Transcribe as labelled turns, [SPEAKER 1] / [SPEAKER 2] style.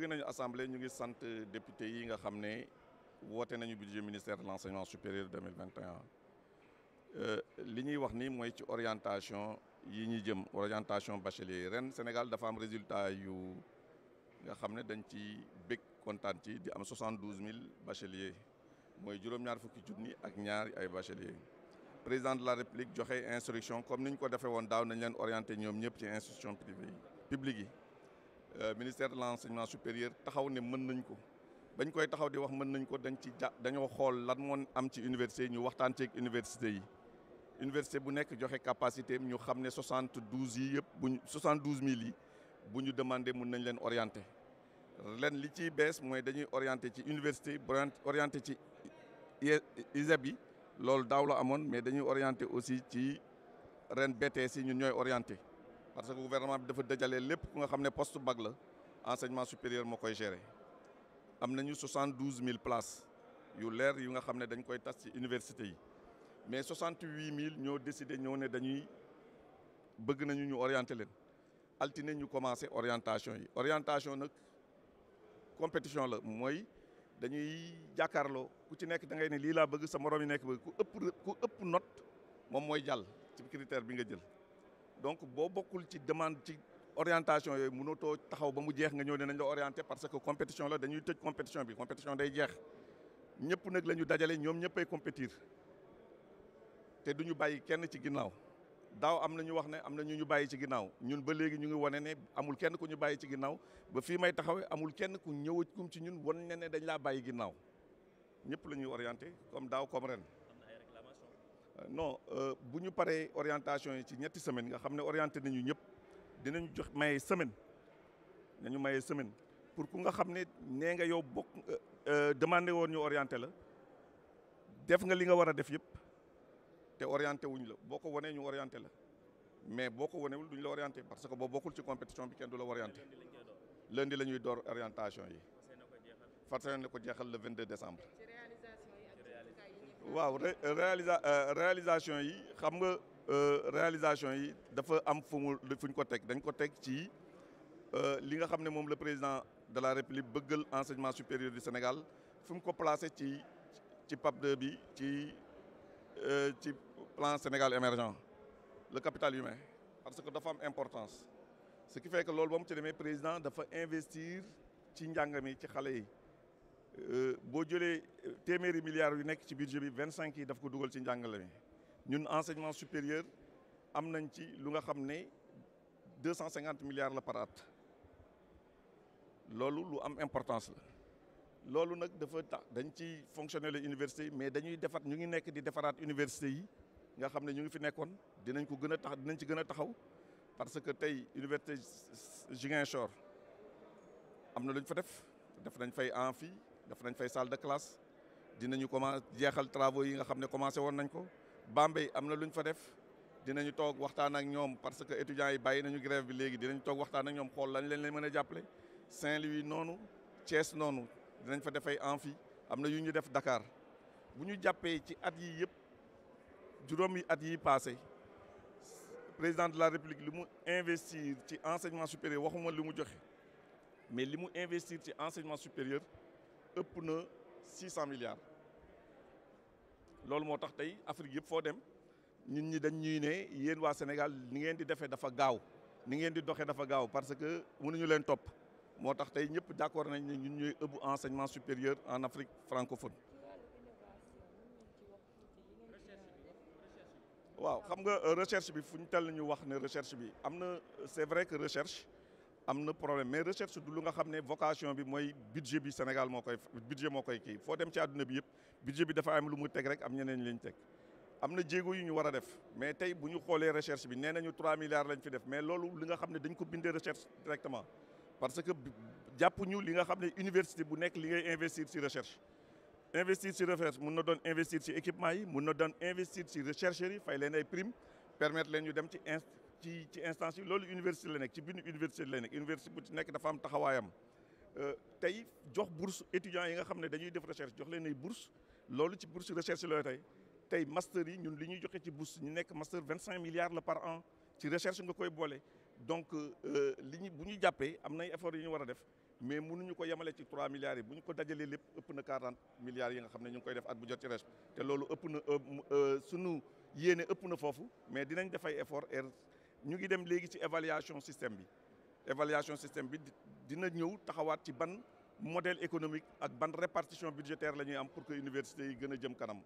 [SPEAKER 1] jóge nañu assemblée ñu ngi sant député yi nga xam ne woote nañu budget ministère de l'enseignement supérieur 2021 euh, li ñuy wax ni mooy ci orientation yi ñuy jëm orientation bachelier ren Sénégal dafa am résultat yu nga xam ne dañ ci bég kontaan ci di am 72000 bacheliers mooy juróom-ñaar fukki junni ak ñaari ay bacheliers président de la république joxe instruction comme ni ñu ko defee daaw nañ leen orienté ñoom ñëpp ci institution privée yi publique yi Euh, ministère de l'enseignement supérieur taxaw ne mën nañ ko bañ koy taxaw di wax mën nañ ko dañ ci ja dañoo xool lan moo am ci université ñu waxtaan ceeg université yi université bu nekk joxe capacité ñu xam ne soixante douze yi yëpp bu ñu soixante douze bu ñu demandé mun nañ leen orienté leen li ci bees mooy dañuy orienté ci université orienté ci ISEP yi loolu daaw la amoon mais dañuy orienté aussi ci ren BTS si ñu ñooy orienté. parce que gouvernement bi dafa dajale lépp ku nga xam ne poste bac la enseignement supérieur moo koy gérer am nañu soixante douze mille places yu leer yu nga xam ne dañ koy tas ci université yi mais soixante huit mille ñoo décidé ñoo ne dañuy bëgg nañu ñu orienter leen altine ñu commencé orientation yi orientation nag compétition la mooy dañuy jàkkaarloo ku ci nekk da ngay ne lii laa bëgg sa morom yi nekk bëgg ku ëpp ku ëpp note moom mooy jàll ci critère bi nga jël. donc boo bokkul ci demande ci orientation yooyu mënatoo taxaw ba mu jeex nga ñëw ne nañ la parce que compétition la dañuy tëj bi compétition day jeex ñëpp nag la ñu dajale ñoom ñëppay compétir te du ñu bàyyi kenn ci ginnaaw daaw am na ñu wax ne am na ñu ñu bàyyi ci ginnaaw ñun ba léegi ñu ngi wane ne amul kenn ku ñu bàyyi ci ginnaaw ba fii may taxawee amul kenn ku ñëw kum ci ñun wan ne ne dañ laa bàyyi ginnaaw ñëpp la ñuy orienté comme daaw comme ren. non euh, bu ñu paree orientation yi ci ñetti semaine nga xam ne orienté nañu ñëpp dinañ jox maye semaine nañu maye semaine pour ku nga xam ne nee nga yow bokk euh, euh, demandé woon ñu orienté la def nga li nga war a def yëpp te orienté wuñ la boo ko wanee ñu orienté la mais boo ko wanewul duñ la orienté parce que boo bokkul ci compétition bi kenn du la orienté lundi lañuy door orientation yi fàttali na ko jeexal le 22 décembre waaw réalisa euh, réalisation yi xam nga euh, réalisation yi dafa am fu mu fu ñu ko teg dañ ko teg ci euh, li nga xam ne moom la président de la république bëggal enseignement supérieur du Sénégal fu mu ko placé ci ci PAP 2 bi ci ci plan Sénégal émergent le capital humain parce que dafa am importance ce qui fait que loolu ba mu ci demee président dafa investir ci njàng mi ci xale yi. Euh, boo jëlee euh, téeméeri milliards yu nekk ci budget bi vingt cinq yi daf ko dugal ci njàngale mi ñun enseignement supérieur am nañ ci lu nga xam ne deux cent cinquante milliards la par loolu lu am importance la loolu nag dafa tax dañ ci fonctionner les universités mais dañuy defar ñu ngi nekk di defaraat université yi nga xam ne ñu ngi fi nekkoon dinañ ko gën a tax dinañ ci gën a taxaw parce que tey université Ziguinchor am na lu fa def def nañ fay amphi def nañ fay salle de classe dinañu commencé jeexal travaux yi nga xam ne commencé woon nañ ko bambay am na lu fa def dinañu toog waxtaan ak ñoom parce que étudiants yi bàyyi nañu grève bi léegi dinañu toog waxtaan ak ñoom xool lañ leen leen mën a jàppale Saint-Louis noonu Thiès noonu dinañ fa def ay amphi am na yu ñu def Dakar bu ñu jàppee ci at yi yëpp juróomi at yi passé président de la république li mu investir ci enseignement supérieur waxuma li mu joxe mais li mu investir ci enseignement supérieur ëpp na six cent milliards loolu moo tax tey Afrique yëpp foo dem ñun ñi dañ ñuy ne yéen waa Sénégal ni ngeen di defee dafa gaaw ni ngeen di doxee dafa gaaw parce que mun mënuñu leen topp moo tax tey ñëpp d'accord nañ ne ñu ñooy ëpp enseignement supérieur en Afrique francophone. waaw xam nga euh, recherche bi fu ñu tell ñu wax ne recherche bi am na c'est vrai que recherche. am na problème mais recherche du lu nga xam ne vocation bi mooy budget bi Sénégal moo koy budget moo koy kii foo dem ci àdduna bi yëpp budget bi dafa am lu mu teg rek am ñeneen lañ teg am na jéego yu ñu war a def mais tey bu ñu xoolee recherche bi nee nañu 3 milliards lañ fi def mais loolu li nga xam ne dañ ko bindee recherche directement parce que jàpp ñu li nga xam ne université bu nekk li ngay investir si recherche investir si recherche mun na doon investir ci équipement yi mun na doon investir ci recherche yi fay leen ay prime permettre leen ñu dem ci ci ci instance yi loolu université la nekk ci biir université la nekk université bu ci nekk dafa am taxawaayam euh, tey jox bourse étudiants yi nga xam ne dañuy def recherche jox leen ay bourse loolu ci bourse recherche la tey tey master yi ñun li ñuy joxe ci bourse ñu nekk master vingt cinq milliards la par an ci recherche koy boole donc euh, li ñu bu ñu jàppee am nay effort yu ñu war a def mais mënuñu ko yemale ci 3 milliards yi bu ñu ko dajalee lépp ëpp na 40 milliards yi nga xam ne ñu koy def at bu jot ci recherche te loolu ëpp na euh, sunu yéene ëpp na foofu mais dinañ def ay effort ñu ngi dem léegi ci évaluation système bi évaluation système bi dina ñëw taxawaat ci ban modèle économique ak ban répartition budgétaire la ñuy am pour que université yi gën a jëm kanam